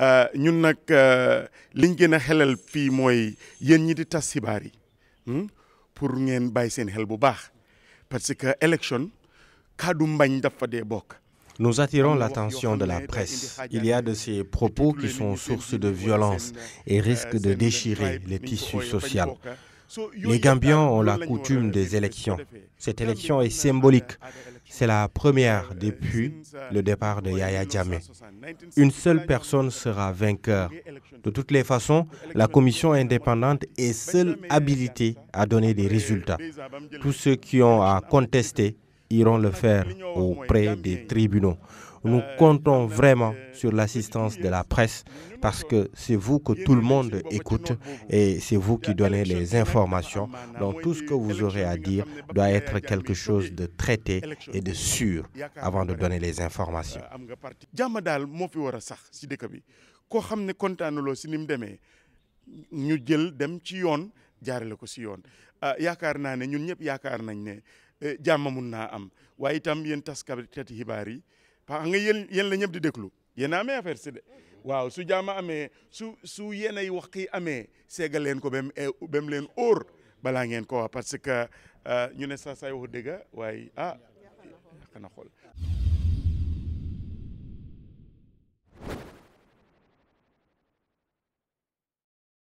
Euh, euh, Nous attirons l'attention de la presse. Il y a de ces propos qui sont source de violence et euh, risquent de déchirer les tissus sociaux. Les Gambiens ont la coutume des élections. Cette élection est symbolique. C'est la première depuis le départ de Yahya jamé Une seule personne sera vainqueur. De toutes les façons, la commission indépendante est seule habilitée à donner des résultats. Tous ceux qui ont à contester iront le faire auprès des tribunaux. Nous euh, comptons vraiment sur l'assistance de la presse parce que c'est vous que tout le monde écoute et c'est vous qui donnez les informations. Donc tout ce que vous aurez à dire doit être quelque chose de traité et de sûr avant de donner les informations. Euh, Eh, jàmm mun naa am waaye itam yéen taskati xibaar yi parce nga yéen yéen la ñëpp di déglu yéen a amee de waaw su jàmm amee su su yéen ay wax yi amee seegal leen ko ba eh, mu leen óor balaa ngeen ko wax parce que euh, ñu ne saa saay wax dëgg waaye ah xanaa xool.